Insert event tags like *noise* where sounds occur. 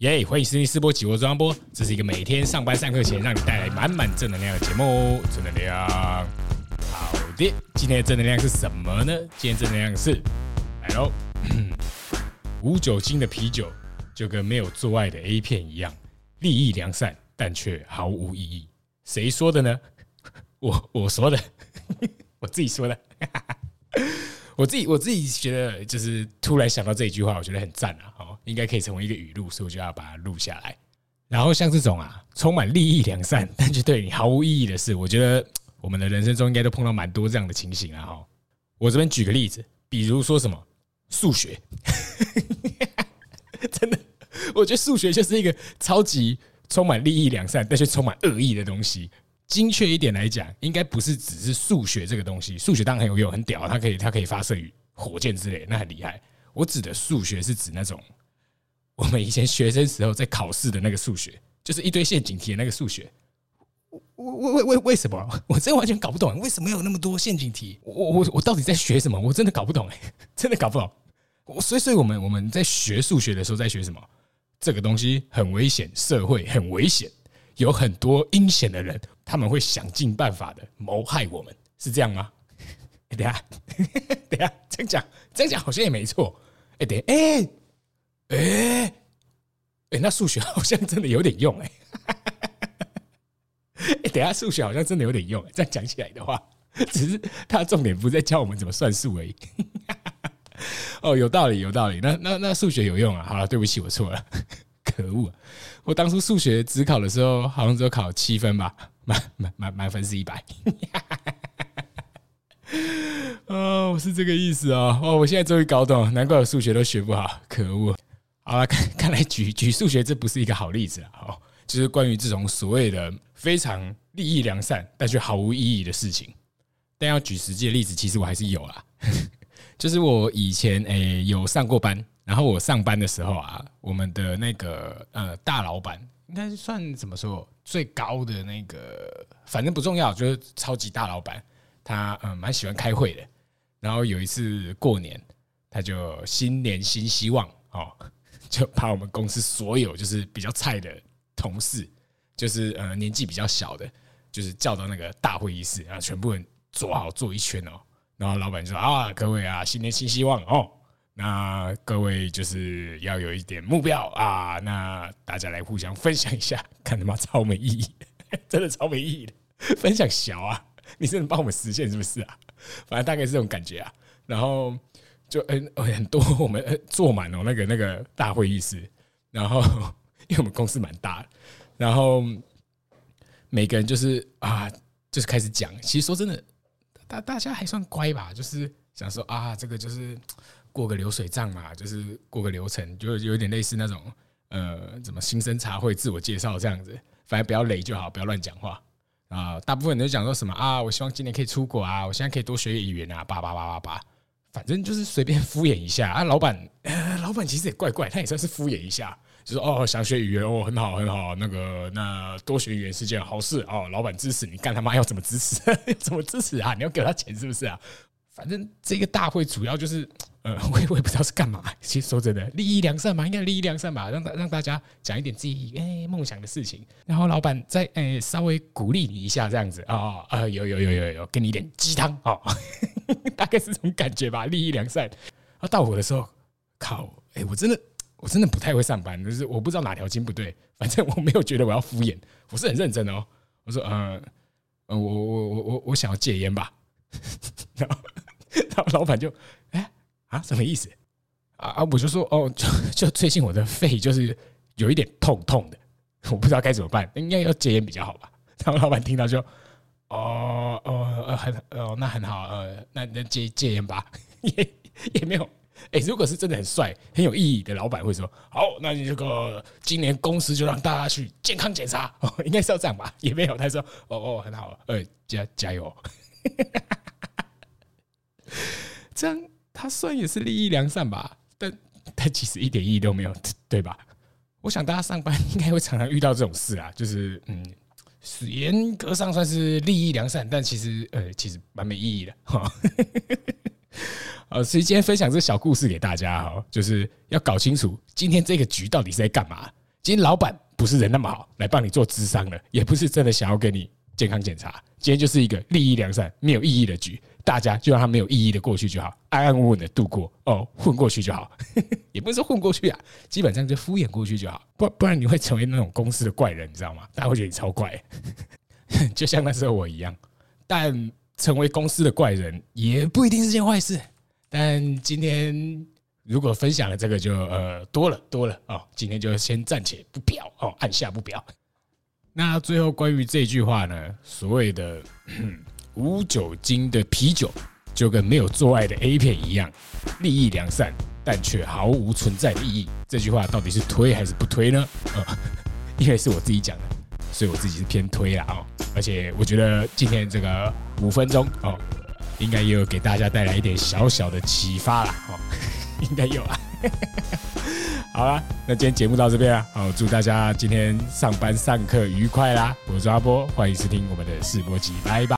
耶、yeah！歡迎收聽四波起窩中央播，這是一個每天上班上課前讓你帶來滿滿正能量的節目哦！正能量。好的，今天的正能量是什麼呢？今天正能量是，來嘍！無酒精的啤酒就跟沒有做愛的 A 片一樣，利益良善，但卻毫無意義。誰說的呢？我我說的，我自己說的。我自己我自己覺得，就是突然想到這一句話，我覺得很讚啊！應該可以成為一個語錄，所以我就要把它錄下來。然後像這種啊，充滿利益良善，但卻對你毫無意義的事，我覺得我們的人生中應該都碰到蠻多這樣的情形啊！哈，我這邊舉個例子，比如說什麼數學， *laughs* 真的，我覺得數學就是一個超級充滿利益良善，但卻充滿惡意的東西。精確一點來講，應該不是只是數學這個東西。數學當然很有用，很屌，它可以它可以發射於火箭之類，那很厲害。我指的數學是指那種。我們以前學生時候在考試的那個數學，就是一堆陷阱題的那個數學，為為為為什麼？我真的完全搞不懂，為什麼有那麼多陷阱題？我我我到底在學什麼？我真的搞不懂哎，真的搞不懂。我所以，所以我們我們在學數學的時候在學什麼？這個東西很危險，社會很危險，有很多陰險的人，他們會想盡辦法的謀害我們，是這樣嗎？欸，等下，等下，這樣講，這樣講好像也沒錯。哎，等下哎。欸哎、欸，哎、欸，那數學好像真的有點用哎！哎，等下數學好像真的有點用，欸，這樣講起來的話，只是它重點不是在教我們怎麼算數而已。 *laughs* 哦，有道理，有道理。那那那數學有用啊！好，了，對不起，我錯了。可惡，啊！我當初數學只考的時候，好像只有考七分吧？滿滿滿分是一百， *laughs* 哦。啊，我是這個意思哦，喔。哦，我現在終於搞懂了，難怪我數學都學不好。可惡！啊，看，看來舉舉數學這不是一個好例子哦，就是關於這種所謂的非常立意良善但卻毫無意義的事情。但要舉實際的例子，其實我還是有啦， *laughs* 就是我以前誒、欸、有上過班，然後我上班的時候啊，我們的那個呃大老板，應該算怎麼說最高的那個，反正不重要，就是超級大老板，他嗯蠻喜歡開會的。然後有一次過年，他就新年新希望哦。喔把我們公司所有就是比較菜的同事，就是呃年紀比較小的，就是叫到那個大會議室，啊，全部人坐好坐一圈哦。然後老闆就說：“啊，各位啊，新年新希望哦，那各位就是要有一點目標啊，那大家來互相分享一下，看他媽超沒意義，真的超沒意義的分享小啊，你是能幫我們實現是不是啊？反正大概是這種感覺啊。然後。就很多我們坐滿了那個那個大會議室，然後因為我們公司蠻大，然後每個人就是啊，就是開始講。其實說真的，大大家還算乖吧，就是想說啊，這個就是過個流水賬嘛，就是過個流程，就有點類似那種呃，怎麼新生茶會自我介紹這樣子，反正不要雷就好，不要亂講話啊。大部分人都講說什麼啊，我希望今年可以出國啊，我現在可以多學語言啊，叭叭叭叭叭。反正就是隨便敷衍一下啊老闆、呃，老闆，老闆其實也怪怪，他也算是敷衍一下，就說哦，想學語言哦，很好很好，那個那多學語言是件好事哦，老闆支持你媽，幹他媽要怎麼支持？ *laughs* 怎麼支持啊？你要給他錢是不是啊？反正這個大會主要就是，呃，我我也不知道是幹嘛。其實說真的，立意良善嘛，應該立意良善嘛，讓讓大家講一點自己哎夢、欸、想的事情，然後老板再哎、呃、稍微鼓勵你一下這樣子啊啊、哦呃，有有有有有，有，給你一點雞湯啊。哦 *laughs* 大概是這種感覺吧，利益良善。到我的時候，靠，欸、我真的，我真的不太會上班，就是我不知道哪條筋不對，反正我沒有覺得我要敷衍，我是很認真的哦。我說，嗯、呃、嗯、呃，我我我我我想要戒菸吧。然後，然後老板就，哎、欸、啊，什麼意思？啊，我就說，哦，就就最近我的肺就是有一點痛痛的，我不知道該怎麼辦，應該要戒菸比較好吧。然後老板聽到就。哦哦，哦呃、很哦，那很好，呃，那那戒戒菸吧也，也也沒有、欸。誒，如果是真的很帥、很有意義的老闆，會說：“好，那你這個今年公司就讓大家去健康檢查，哦，應該是要這樣吧？”也沒有，他說：“哦哦，很好，呃、欸，加加油。 *laughs* ”這樣他算也是立意良善吧，但他其實一點意義都沒有，對吧？我想大家上班應該會常常遇到這種事啊，就是嗯。嚴格上算是利益良善，但其實呃其實蠻沒意義的哈。呃，所以今天分享這個小故事給大家哈，就是要搞清楚今天這個局到底是在幹嘛。今天老闆不是人那麼好來幫你做諮商的，也不是真的想要跟你健康檢查，今天就是一個利益良善沒有意義的局。大家就讓它沒有意義的過去就好，安安穩穩的度過哦，混過去就好，呵呵也不是說混過去啊，基本上就敷衍過去就好，不然不然你會成為那種公司的怪人，你知道嗎？大家會覺得你超怪呵呵，就像那時候我一樣。但成為公司的怪人也不一定是件壞事。但今天如果分享了這個就，就呃多了多了哦，今天就先暫且不表哦，按下不表。那最後關於這句話呢，所謂的。無酒精的啤酒就跟沒有做愛的 A 片一樣，利益良善，但卻毫無存在的意義。這句話到底是推還是不推呢？呃、因為是我自己講的，所以我自己是偏推啦哦。而且我覺得今天這個五分鐘哦，應該也有給大家帶來一點小小的啟發啦哦，應該有啊呵呵。好啦，那今天節目到這邊啊，好、哦，祝大家今天上班上課愉快啦！我是阿波，歡迎收聽我們的試播集，拜拜。